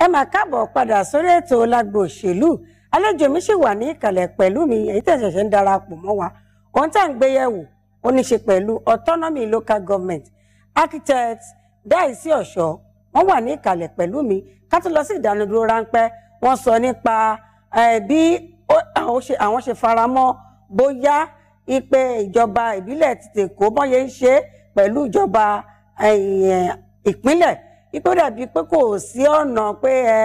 ẹ máa káàbọ̀ padà sórí ètò lágbo òṣèlú àlejò mi sì wà ní ìkàlẹ̀ pẹ̀lú mi èyí tẹ̀ ṣẹ̀ṣẹ̀ ń darapọ̀ mọ́ wa ohun tá ń gbé yẹ̀wò ó ní ṣe pẹ̀lú autonomy local government architect Dáìsí Ọ̀ṣọ́ wọ́n wà ní ìkàlẹ̀ pẹ̀lú mi ká tó lọ sí ìdánudúró ráńpẹ́ wọ́n sọ nípa bí àwọn ṣe faramọ́ bóyá ipe ìjọba ìbílẹ̀ ti tèkó bọ́n ṣe ń ṣe pẹ̀lú ìjọba ìpínlẹ̀ ipò dàbí pé kò sí ọ̀nà pé ẹ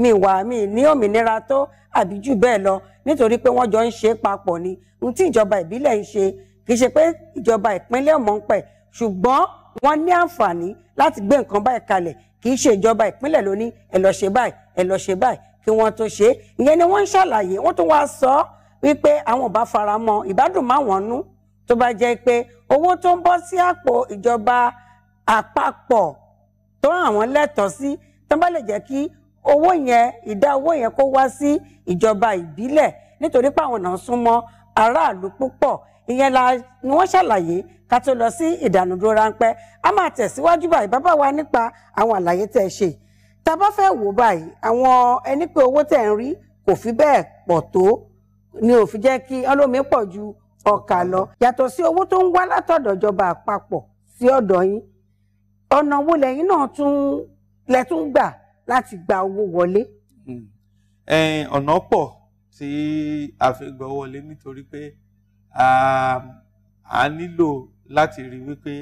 mi wà mí ní òmìnira tó àbí jù bẹ́ẹ̀ lọ nítorí pé wọ́n jọ ń ṣe papọ̀ ni ohun tí ìjọba ìbílẹ̀ ń ṣe kì í ṣe pé ìjọba ìpínlẹ̀ ọ̀mọ̀ ń pẹ̀ ṣùgbọ́n wọ́n ní àǹfààní láti gbé nǹkan báyìí kalẹ̀ kì í ṣe ìjọba ìpínlẹ̀ ló ní ẹ lọ ṣe báyìí ẹ lọ ṣe báyìí kí wọ́n tó ṣe ìyẹn ni wọ́n ń ṣàlàyé wọ́n tún wá sọ wípé àwọn ò bá fara mọ́ ìbádùn máwọn nú tó bá jẹ́ pé owó tó ń bọ́ sí àpò ìjọba àpapọ̀ tó hàn wọ́n lẹ́tọ̀ọ́ sí tó bá lè jẹ́ kí owó yẹn ìdá owó yẹn kó wá sí ìjọba ìbílẹ̀ nítorí pé àwọn náà súnmọ́ aráàlú púpọ̀ ìyẹn la ni wọ́n ṣàlàyé ká tó lọ sí ìdánudúró ráńpẹ́ a máa tẹ̀síwájú báyìí bàbá wa nípa àwọn àlàyé tẹ́ ẹ ṣe tá a bá fẹ́ wò báyìí àwọn ẹni pé owó tẹ́ ẹ ń rí kò fi bẹ́ẹ̀ pọ̀ tó ni ò fi jẹ́ kí ọlọ́mi pọ̀ ju ọkà lọ yàtọ̀ sí owó tó ń wá látọ̀dọ̀ ìjọba àpapọ̀ sí ọ̀dọ̀ yín ọ̀nà wo lẹ́yìn náà tún lẹ́tún gbà láti gba owó wọlé. Hmm. ọ̀nà pọ̀ tí a fi gbọ́ wọlé nítorí pé a nílò láti rí wípé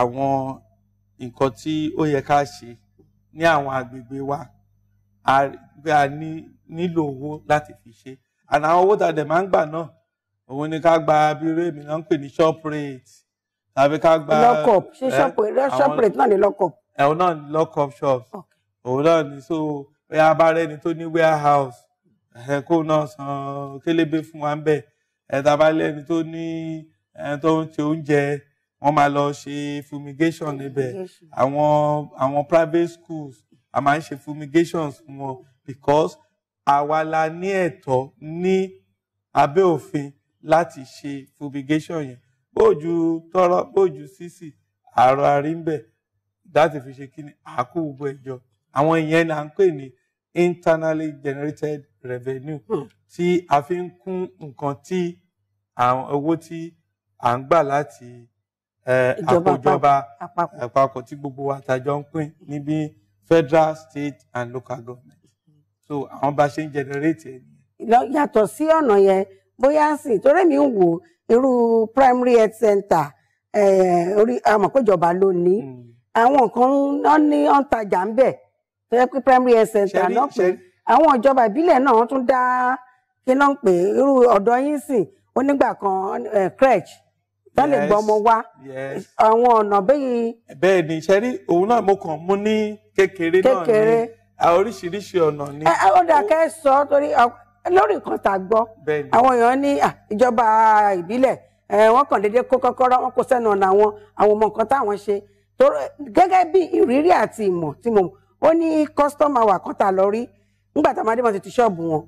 àwọn nǹkan tí ó yẹ ká ṣe ní àwọn agbègbè wa a nílò owó láti fi ṣe àná àwọn owó tá a dẹ̀ máa ń gbà náà òun ni ká gba abirú èmi náà ń pè ní shop rate tàbí ká gba lockup ṣe eh, shoprate náà ní lockup. ẹ̀hún eh, náà ní lockup shops òun náà ní so bóyá a bá rẹ́ni tó ní warehouse ẹ̀ eh, kó náà san kélébé fún wa ń bẹ̀ ẹ̀ tàbá lẹ́ni tó ní ẹ̀ tó ń ṣe oúnjẹ wọ́n máa lọ ṣe fumigation níbẹ̀ àwọn àwọn private schools a máa ń ṣe fumigations fún wọn because àwa la ní ẹ̀tọ́ ní abẹ́ òfin láti ṣe fumigation yẹn bójú tọrọ bójú sisi àrò àríńbẹ láti fi ṣe kí ni àkó gbogbo ẹjọ àwọn ìyẹn là ń pè ní internally generated revenue hmm. tí a fi ń kún nǹkan tí àwọn owó tí à ń gbà láti àkójọba àpapọ̀ tí gbogbo wa tàjọ ń pín níbi federal state and local government so àwọn bá ṣe ń generate yàtọ̀ sí ọ̀nà yẹn bóyá ń sìn torí mi ń wò irú primary health center eh, orí àmọ̀kójọba ló ní hmm. àwọn nǹkan wọn ní ọ̀ntajà ń bẹ̀ tó yẹ pé primary health center náà pé àwọn ìjọba ìbílẹ̀ náà wọ́n tún dá kí náà ń pè irú ọ̀dọ́ yín sìn onígbà kan eh, crèche tó lè gbọ́ ọmọ wá àwọn ọ̀nà bẹ́yìí. bẹ́ẹ̀ ni ṣe rí òun náà mo kàn mú ní kékeré náà ní oríṣiríṣi ọ̀nà ni. Eh, ó dà kẹ́ sọ torí lórí nǹkan tá a gbọ́ àwọn èèyàn ní ìjọba ìbílẹ̀ wọ́n kàn déédéé kó kọ́kọ́rọ́ wọn kó sẹ́nu ọ̀nà àwọn àwọn ọmọ nǹkan táwọn ṣe gẹ́gẹ́ bí ìrírí àti ìmọ̀ tí mo ó ní kọ́sítọ́mà wà kan lọ rí nígbà tá a máa dé máa ti ṣọ́ọ̀bù wọn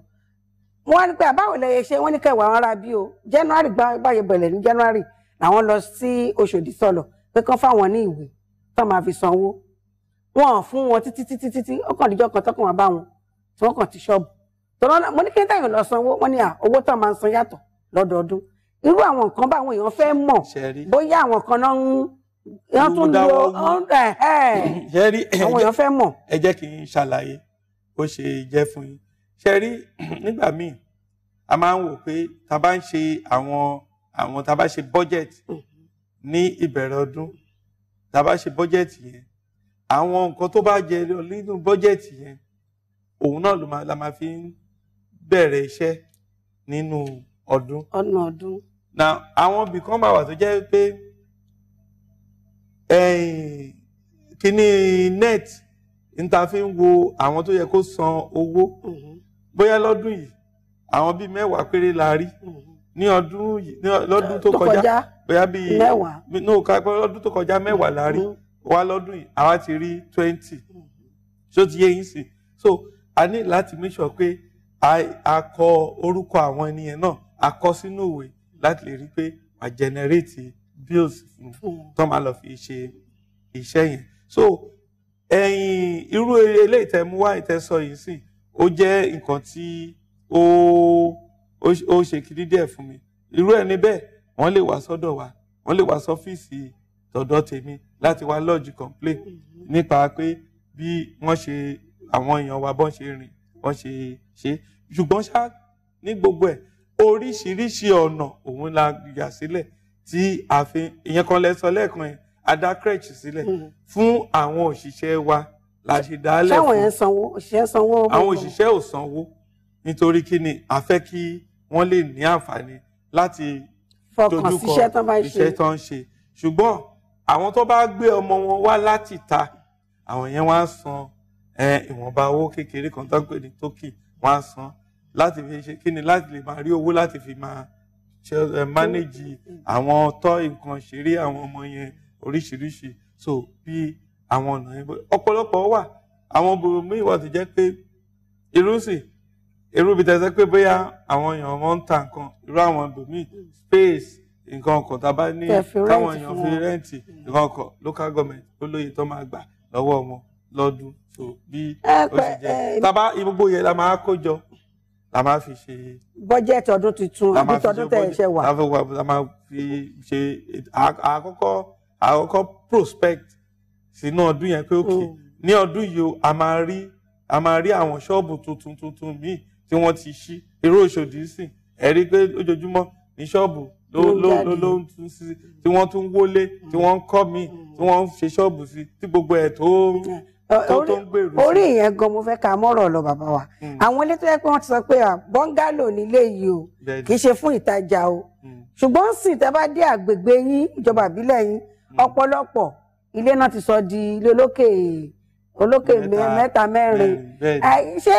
wọn á ní pé àbáwò lẹyẹ ṣe wọn ní kẹwàá wọn ra bí o january báyẹ bẹ̀rẹ̀ ní january làwọn lọ sí Ọ̀ṣọ́dì sọlọ pé kán fáwọn ní ìwé tó máa fi sanwó wọn fún wọn títí títí títí ọkàn níjọ kan tọkàn wọn bá wọn tí wọn kàn ti ṣọ́ọ̀bù tọ́lọ́ mo ní kí ní tẹ̀yìn lọ sanwó wọ́n ní à owó tán máa ń san yàtọ̀ lọ́dọọdún irú àwọn nǹkan bá àwọn èèyàn fẹ́ mọ̀ bóyá àwọn kan náà ń wọ́n tún lo àwọn èèyàn fẹ́ mọ̀. ẹ jẹ́ kí n ṣàlàyé bó ṣe jẹ́ fún yín ṣe nígbà míì a máa ń wò pé ta bá ń ṣe àwọn àwọn ta bá ṣe bọ́jẹ̀tì ní ìbẹ̀rẹ̀ ọdún ta bá ṣe bọ́jẹ̀tì yẹn àwọn nǹkan tó bá jẹ nínú bọ́jẹ̀tì yẹn òun náà la máa fi ń bẹ̀rẹ̀ iṣẹ́ nínú ọdún. ọ̀nà ọdún. na àwọn ibì kan wà tó jẹ́ pé eh, kíní net ní ta fi ń wo àwọn tó yẹ kó san owó mm-hmm. bóyá lọ́dún yìí àwọn bíi mẹ́wàá péré la rí mm-hmm. ní ọdún yìí lọ́dún tó kọjá bóyá bíi mẹ́wàá lọ́dún tó kọjá mẹ́wàá la rí mm-hmm. wá lọ́dún yìí a kọ orúkọ àwọn ènìyàn náà a kọ sínú ìwé láti lè rí pé wà jẹnẹrétì bills fún hmm. tó máa lọ fi ṣe iṣẹ́ yẹn so ẹ̀yin irú eléyìí tẹ́ mú wá ìtẹsọ yìí sìn ó jẹ́ nǹkan tí ó ó ṣe kiri díẹ̀ fún mi irú ẹ̀ níbẹ̀ wọ́n lè wá sọ́dọ̀ wa wọ́n lè wá sọ́fíìsì tọ̀dọ̀ tèmi láti wá lọ́ọ̀jù complain hmm. nípa pé bí wọ́n ṣe àwọn èèyàn wa bọ́n ṣe rìn wọ́n ṣe ṣe ṣùgbọ́n ṣá ní gbogbo ẹ̀ oríṣiríṣi ọ̀nà òun la yà sílẹ̀ tí a fi ìyẹn kan lẹ sọ lẹ́ẹ̀kan yẹn a dá crèche sílẹ̀ hmm. fún àwọn òṣìṣẹ́ wa la ṣe dálẹ̀ fún ṣáwọn yẹn sanwó òṣìṣẹ́ sanwó. àwọn òṣìṣẹ́ ò sanwó nítorí kí ni a fẹ́ kí wọ́n lè ní àǹfààní láti dojúkọ iṣẹ́ tó ń ṣe ṣùgbọ́n àwọn tó bá gbé ọmọ wọn wá láti ta àwọn yẹn wá san ìwọ̀nba owó kékeré kan tó ń pè ní tókì wọ́n á san láti fi ṣe kí ni láti lè máa rí owó láti fi máa mánéjì àwọn tọ́ nǹkan ṣeré àwọn ọmọ yẹn oríṣiríṣi so bí àwọn ọ̀nà yẹn ọ̀pọ̀lọpọ̀ wà àwọn bòmíì wà tó jẹ́ pé irúsìn irú bí tẹ̀sẹ̀ pé bóyá àwọn èèyàn wọn ń ta nǹkan irú àwọn bòmíì space nǹkan ọkọ̀ tá a bá ní káwọn èèyàn fi rẹ́ǹtì nǹkan ọkọ̀ local government ó lóye tó máa gbà lọ́wọ́ wọn lọ́dún so bí ó ṣe jẹ́ tábà gbogbo yẹn la máa kó jọ la máa fi ṣe. bọ́jẹ̀tì ọdún tuntun àbí tọdún tẹ̀ ṣe wà. la máa fi ṣe àkọ́kọ́ àkọ́kọ́ prospect sínú ọdún yẹn pé òkè mm. ní ọdún yìí a máa rí a máa rí àwọn ṣọ́ọ̀bù tuntun tuntun míì tí wọ́n ti ṣí irú Òṣòdì sìn ẹ pé lójoojúmọ́ ní ṣọ́ọ̀bù ló ló ń tún sí tí wọ́n tún wọlé tí mm. wọ́n ń kọ́ míì mm. tí wọ́n ń ṣe ṣọ́ọ̀bù sí tí gbogbo ẹ̀ tó ń orí ìyẹn gan mo fẹ́ ká mọ́rọ̀ lọ bàbá wa hmm. àwọn ilé tó yẹ pé wọ́n ti sọ pé bọ́ngálò nílé yìí o kì í ṣe fún ìtajà o hmm. ṣùgbọ́n sìn tẹ́ bá dé àgbègbè yín ìjọba ìbílẹ̀ yín hmm. ọ̀pọ̀lọpọ̀ ilé náà ti sọ di ilé olókè olókè mẹ́ta mẹ́rin ṣé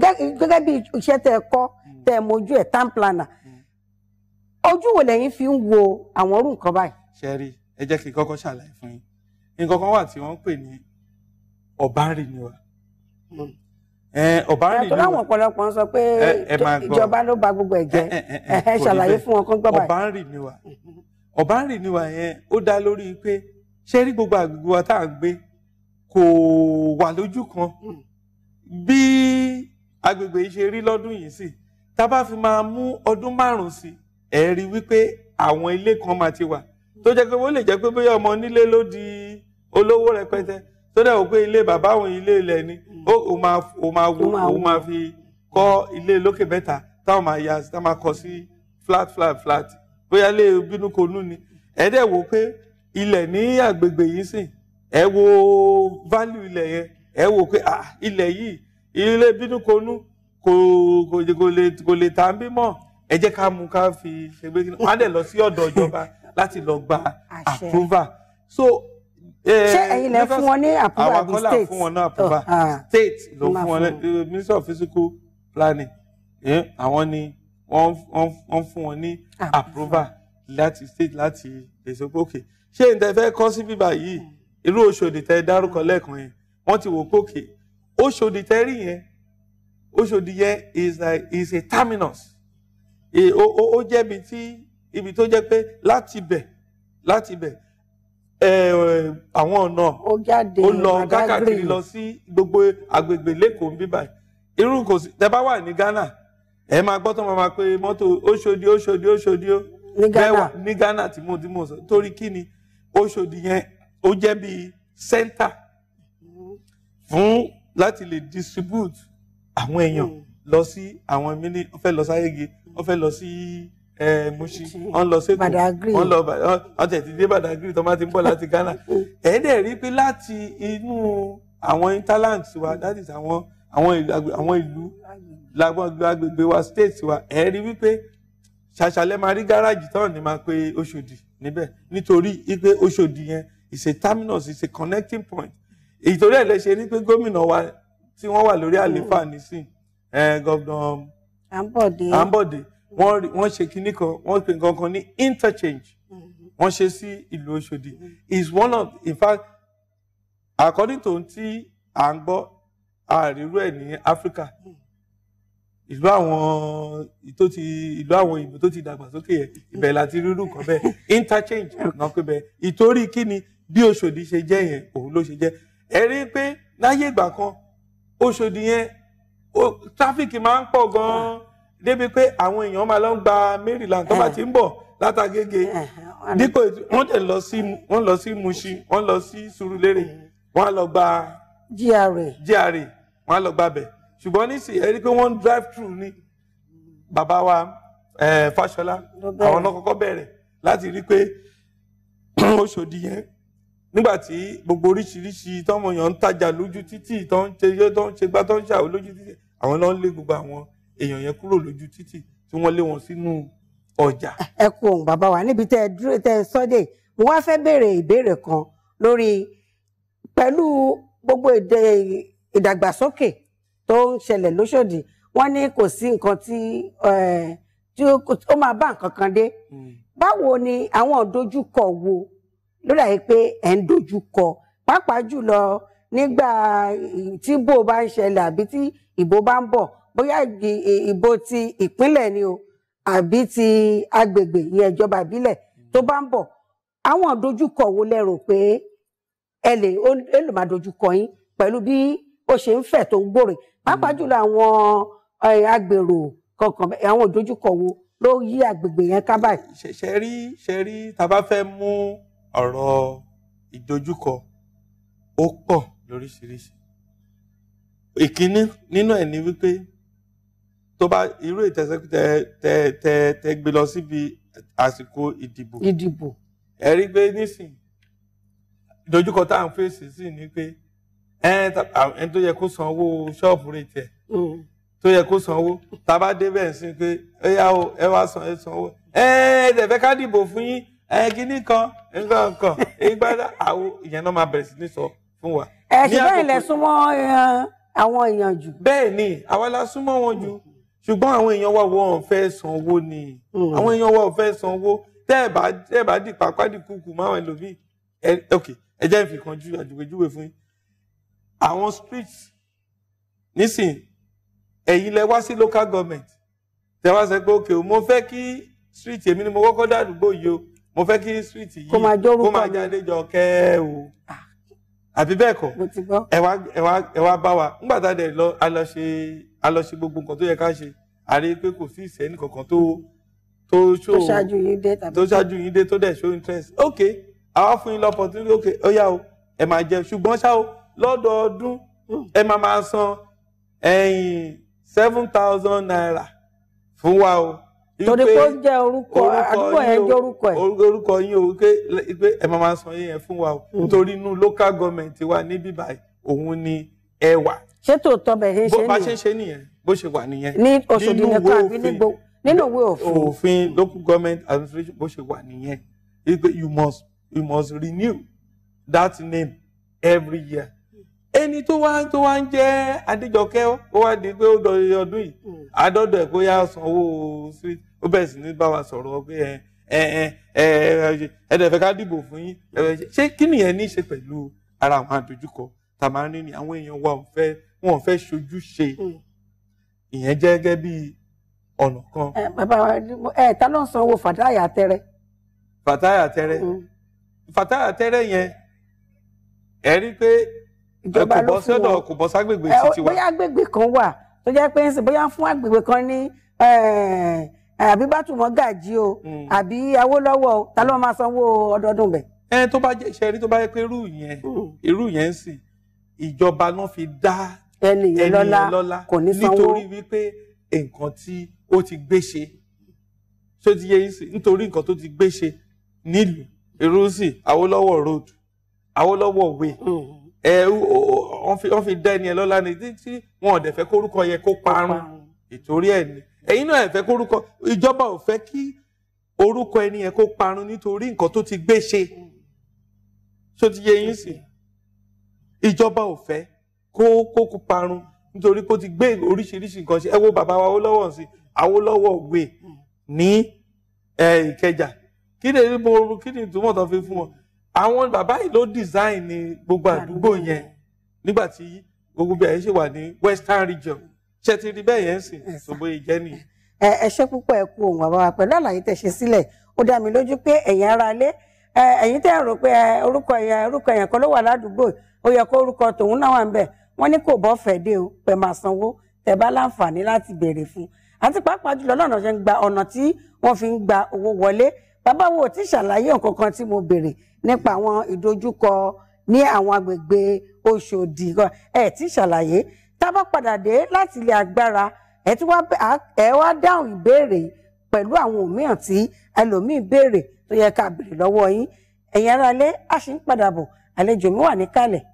gẹ́gẹ́ bí iṣẹ́ tẹ́ kọ́ tẹ́ mojú ẹ̀ town planner ojú wo lẹ́yìn fi ń wo àwọn orú nǹkan báyìí. ṣe rí ẹ jẹ́ kí n kọ́kọ́ ṣàlàyé fún yín nǹkan kan wà tí wọ́n pè ní ọ̀bárìn ni wa hmm. ọ̀bárìn ni wa. yàtọ̀ láwọn ọ̀pọ̀lọpọ̀ ń sọ pé ìjọba ló ba gbogbo ẹ̀ jẹ́ ẹ ṣàlàyé fún wọn kán gbọ́ báyìí. ọ̀bárìn ni wa ọ̀bárìn ni wa yẹn ó dá lórí pé ṣé rí gbogbo àgbègbè wa tá à ń gbé kò wà lójú kan hmm. bí agbègbè yìí ṣe rí lọ́dún yìí sì tá a bá fi máa mú ọdún márùn-ún sí ẹ̀ rí wípé àwọn ilé kan máa ti wà tó jẹ́ pé wọ́n lè jẹ́ pé bóyá ọmọ onílé ló di olówó rẹpẹtẹ tó dẹ̀ wò pé ilé bàbá òun ilé ilẹ̀ ni ó máa ó máa wo ó máa fi kọ́ ilé lókè mẹ́ta táwọn máa ya táwọn máa kọ́ sí flat flat flat bóyá ilé bínúkonú ni ẹ dẹ̀ wò pé ilẹ̀ ní àgbègbè yìí sìn ẹ wo value ilẹ̀ yẹn ẹ wò pé ah ilẹ̀ yìí ilé bínúkonú kò kò lè kò lè tà bí mọ́ ẹ jẹ́ ká mú ká fi ṣègbè kí ni wọ́n á dẹ̀ lọ sí ọ̀dọ̀ ìjọba láti lọ gba approval so ṣé eh, ẹ̀yin lẹ fún wọn ní àpúrò àbí state àwọn kọ́là fún wọn náà àpúrò oh, ah. state ló fún wọn eh, minister of physical planning eh, àwọn ni wọ́n fún wọn ní àpúrò ah, láti state láti èsopókè ṣé n tẹ fẹ́ kọ́ sí bíbá yìí hmm. irú Òṣòdì tẹ dárúkọ lẹ́ẹ̀kan yẹn wọ́n ti wò pókè Òṣòdì tẹ rí yẹn Òṣòdì yẹn is like is a terminus ó jẹ́ ibi tí ibi tó jẹ́ pé láti bẹ̀ láti bẹ̀ Eh, àwọn ọ̀nà ó lọ kákàkiri lọ sí gbogbo agbègbè lẹ́kọ̀ọ́ bíbá irú kò sí tẹ́ bá wà ní Ghana ẹ máa gbọ́ tó máa máa pé mọ́tò Òṣòdì Òṣòdì Òṣòdì ó ní Ghana tí mo ti mọ̀ sọ torí kí ni Òṣòdì yẹn ó jẹ́ bíi center fún láti lè distribute àwọn èèyàn mm. lọ sí àwọn mílí wọ́n fẹ́ lọ sáyégi wọ́n lọ sí ẹ Mùṣí wọn lọ sétò wọn lọ ọtẹ ti dé Badagry tó máa ti ń bọ̀ láti Ghana oh. ẹ dẹ̀ rí pé láti inú àwọn interlands wa that is àwọn àwọn ìlú lágbọn agbègbè wa state wa ẹ rí wípé ṣàṣàlẹ̀ máa rí gáràjì tán ni máa pe Oṣòdì níbẹ̀ nítorí wípé Oṣòdì yẹn is a terminus is a connecting point ìtòrí ẹ̀ lẹ́sẹ̀ ní pé gómìnà wa tí wọ́n wà lórí àlééfà hmm. nísìn gọ́vnà Ambode wọ́n ṣe kinní kan wọ́n pe nǹkan kan ní interchange mm-hmm. wọ́n ṣe sí ìlú Ọ̀ṣọ́dì mm-hmm. is one of in fact according to ti à ń gbọ́ àrírú ẹ̀ ní Africa mm-hmm. ìlú àwọn tó ti ìlú àwọn ìbò tó ti dàgbà sókè yẹn ibẹ̀ láti rírú nǹkan bẹ́ẹ̀ interchange náà pé bẹ́ẹ̀ ìtorí kí ni bí Ọ̀ṣọ́dì ṣe jẹ́ yẹn òun ló ṣe jẹ́ ẹ rí i pé láyé ìgbà kan Ọ̀ṣọ́dì yẹn tráfíkì máa ń pọ̀ gan débi pé àwọn èèyàn máa lọ ń gba Maryland tó bá eh. ti ń bọ̀ látàgége eh, eh, dípò wọ́n tẹ̀ lọ sí wọ́n lọ sí Mushin wọ́n lọ sí Surulere wọ́n lọ gba GRA GRA lọ gba bẹ̀ ṣùgbọ́n nísìnyí ẹ pé wọ́n drive through ni bàbá wa Fáṣọlá àwọn náà kọ́kọ́ bẹ̀rẹ̀ láti rí i pé Ọ̀ṣọ́dì yẹn nígbà tí gbogbo oríṣiríṣi tọ́mọ èèyàn ń tajà lójú títì tó ń ṣe tó ń ṣe gbá tó ń ṣàwó lójú títì àwọn náà ń lé gbogbo àwọn èèyàn yẹn kúrò lójú títì tí wọ́n lé wọn sínú ọjà. ẹ kú ohun bàbá wa níbi tẹ ẹ dúró tẹ ẹ sọdẹ mo wá fẹ́ béèrè ìbéèrè kan lórí pẹ̀lú gbogbo ìdàgbàsókè tó ń ṣẹlẹ̀ lóṣòdì wọ́n ní kò sí nǹkan tí tí ó máa bá nǹkan kan dé hmm. báwo ni àwọn dojúkọ wo lórí àyè pé ẹ ń dojúkọ pàápàá jùlọ nígbà tí bó bá ń ṣẹlẹ̀ àbí tí ìbò bá ń bọ̀ bóyá ìbò ti ìpínlẹ̀ ni o àbí ti agbègbè ìyẹn ìjọba ìbílẹ̀ tó bá ń bọ̀ àwọn dojúkọ wo lẹ rò pé ẹ lè ẹ lè máa dojúkọ yín pẹ̀lú bí ó ṣe ń fẹ̀ tó ń gbòòrè pàápàá jùlọ àwọn agbèrò kankan àwọn dojúkọ wo ló yí agbègbè yẹn ká báyìí. ṣe rí ṣe rí tá a bá fẹ́ mú ọ̀rọ̀ ìdojúkọ ó pọ̀ lóríṣiríṣi ìkíní nínú ẹ̀ ni wípé tó bá irú ìtẹ̀sẹ̀kútẹ̀ tẹ tẹ tẹ gbé lọ síbi àsìkò ìdìbò. ìdìbò. ẹ rí pé nísìn ìdojúkọ tá à ń fèsì sí ni pé ẹ tó yẹ kó sanwó ṣọ́ọ̀bù rẹ̀ tẹ̀ mm. tó yẹ kó sanwó tá a bá débẹ̀ ń sin pé ẹ yá o ẹ wá san ẹ sanwó ẹ ẹ dẹ̀fẹ́ ká dìbò fún yín ẹ kíní kan nǹkan kan ìgbà àwo ìyẹn náà máa bẹ̀rẹ̀ sí ní sọ fún wa. ẹ ṣe bẹ́ẹ̀ lẹ súnmọ́ eh, àwọn èèyàn jù. bẹ́ẹ̀ àwa la súnmọ́ wọn jù ṣùgbọ́n àwọn èèyàn wa wọ́n fẹ́ sanwó ni hmm. àwọn èèyàn wa fẹ́ sanwó tẹ́ ẹ̀ bá tẹ́ ẹ̀ bá dì pápá dì kúkú máa wọn lòmíì ẹ ok ẹ jẹ́ ìfikàn ju àjùwèjúwe fún yín àwọn street nísìn ẹ̀yin lẹ wá sí local government tẹ wá sọ pé ok mo fẹ́ kí street èmi ni mo kọ́kọ́ dàdúgbò yìí o mo fẹ́ kí street yìí kó máa jáde jọ kẹ́ ẹ o ah àbí bẹ́ẹ̀ kọ́ ẹ wá bá wa ńgbà tá a dẹ̀ lọ a lọ ṣe a lọ ṣe gbogbo nǹkan tó yẹ ká ṣe a rí i pé kò sí ìṣẹ́ nìkankan tó tó ṣó tó ṣáájú yín dé tàbí tó ṣáájú yín dé tó dẹ̀ show interest ok àwa fún yín lọ́pọ̀tunity ok ó yá o ẹ máa jẹ ṣùgbọ́n ṣá o lọ́dọọdún hmm. ẹ máa máa san ẹ̀yìn seven thousand naira fún wa o torí pé ó jẹ́ orúkọ àdúgbò yẹn jẹ́ orúkọ ẹ̀. orúkọ yín o pé ẹ máa máa san yẹn fún wa o hmm. nítorí inú local government wa ní bíbá òun ni ẹ wà. ṣé tòótọ́ bẹ̀ ṣe ń ṣe nìyẹn. bó bá ṣe ń ṣe nìyẹn bó ṣe wà nìyẹn. ní Ọ̀ṣọ́dì nìkan àbí nínú ìwé òfin. òfin local government administration bó ṣe wà nìyẹn you must you must renew that name every year ẹni tó wá tó wá ń jẹ́ Adéjọkẹ́ ó wá di pé ó dọ̀dọ̀ ọdún yìí àádọ́dọ̀ hmm. ẹ̀ kó yá sanwó street ó bẹ̀rẹ̀ sí ní bá wa sọ̀rọ̀ pé ẹ ẹ ẹ ẹ ẹ̀ẹ́dẹ̀fẹ́ ká dìbò fún yín ṣé kí nìyẹn ní í ṣe pẹ̀lú ara àwọn àdójúkọ tá ni àwọn èèyàn wa ò fẹ́ wọn ò fẹ́ ṣojúṣe hmm. ìyẹn jẹ́ gẹ́gẹ́ bí ọ̀nà kan. bàbá ẹ ta ló ń sanwó fàtáyà tẹrẹ. fàtáyà tẹrẹ hmm. fàtáyà tẹrẹ yẹn ẹ rí pé ìjọba ló fún ọ kò bọ́ ságbègbè títí wa. bóyá agbègbè kan wà tó jẹ́ pé bóyá fún agbègbè kan ní àbí bátùmọ̀ gàjí o hmm. àbí awólọ́wọ̀ o ta ló máa sanwó ọdọọdún bẹ̀. ẹ tó bá jẹ ìṣẹ́rí tó bá yẹ pé irú yẹn hmm. irú yẹn sì ìjọba ló fi dá ẹni yẹn lọ́lá kò ní sanwó nítorí wípé nǹkan tí ó ti gbé ṣe tó ti yẹ yín sí nítorí nǹkan tó ti gbé ṣe nílùú irú sì awólọ́wọ̀ road awólọ́wọ̀ way hmm. ẹ wọ́n fi dá ẹni yẹn lọ́lá ni tí wọ́n ò dẹ̀ fẹ́ kórúkọ yẹn kó parun ìtorí ẹ̀ ni ẹ̀yin náà ẹ fẹ́ kórúkọ ìjọba ò fẹ́ kí orúkọ ẹni yẹn kó parun nítorí nǹkan tó ti gbé ṣe tó ti yẹ yín sí ìjọba ò fẹ́ kó kó kó parun nítorí kó ti gbé oríṣiríṣi nǹkan ṣe ẹ wo bàbá wa Awólọ́wọ̀ sí Awólọ́wọ̀ gbé ní Ìkẹjà kí ni mo kí ni ìtumọ̀ tó fi fún wọn àwọn bàbá yìí ló design ní gbogbo àdúgbò yẹn nígbà tí gbogbo bí ṣe wà ní Western Region ṣe ti rí bẹ́ẹ̀ yẹn sìn ṣùgbọ́n ìjẹ́ ni. ẹ ẹ ṣé púpọ̀ ẹ kú ohun àbáwá pẹ̀lú àlàyé tẹ́ ṣe sílẹ̀ ó dá mi lójú pé ẹ̀yin ará ilé ẹ̀yin tẹ́ rò pé orúkọ ẹ̀yàn orúkọ ẹ̀yàn kan ló wà ládùúgbò ó yẹ kó orúkọ tòun náà wà ń bẹ̀ wọ́n ní kò bọ́ fẹ́ dé o pẹ̀ máa sanwó tẹ́ bá láǹfààní láti béèrè fún àti pàápàá jùlọ lọ́nà ṣe ń gba ọ̀nà tí wọ́n fi ń gba owó wọlé bàbá wo ti ṣàlàyé nǹkan kan tí mo béèrè nípa àwọn ìdojúkọ ní àwọn agbègbè Ọ̀ṣọ́dì ẹ ti ṣàlàyé tá a bá padà dé láti ilé agbára ẹ tí ẹ wá dáhùn ìbéèrè pẹ̀lú àwọn òmíràn tí ẹlòmíín béèrè tó yẹ ká béèrè lọ́wọ́ yín ẹ̀yin aráalé a padà bọ̀ àlejò mi wà níkàlẹ̀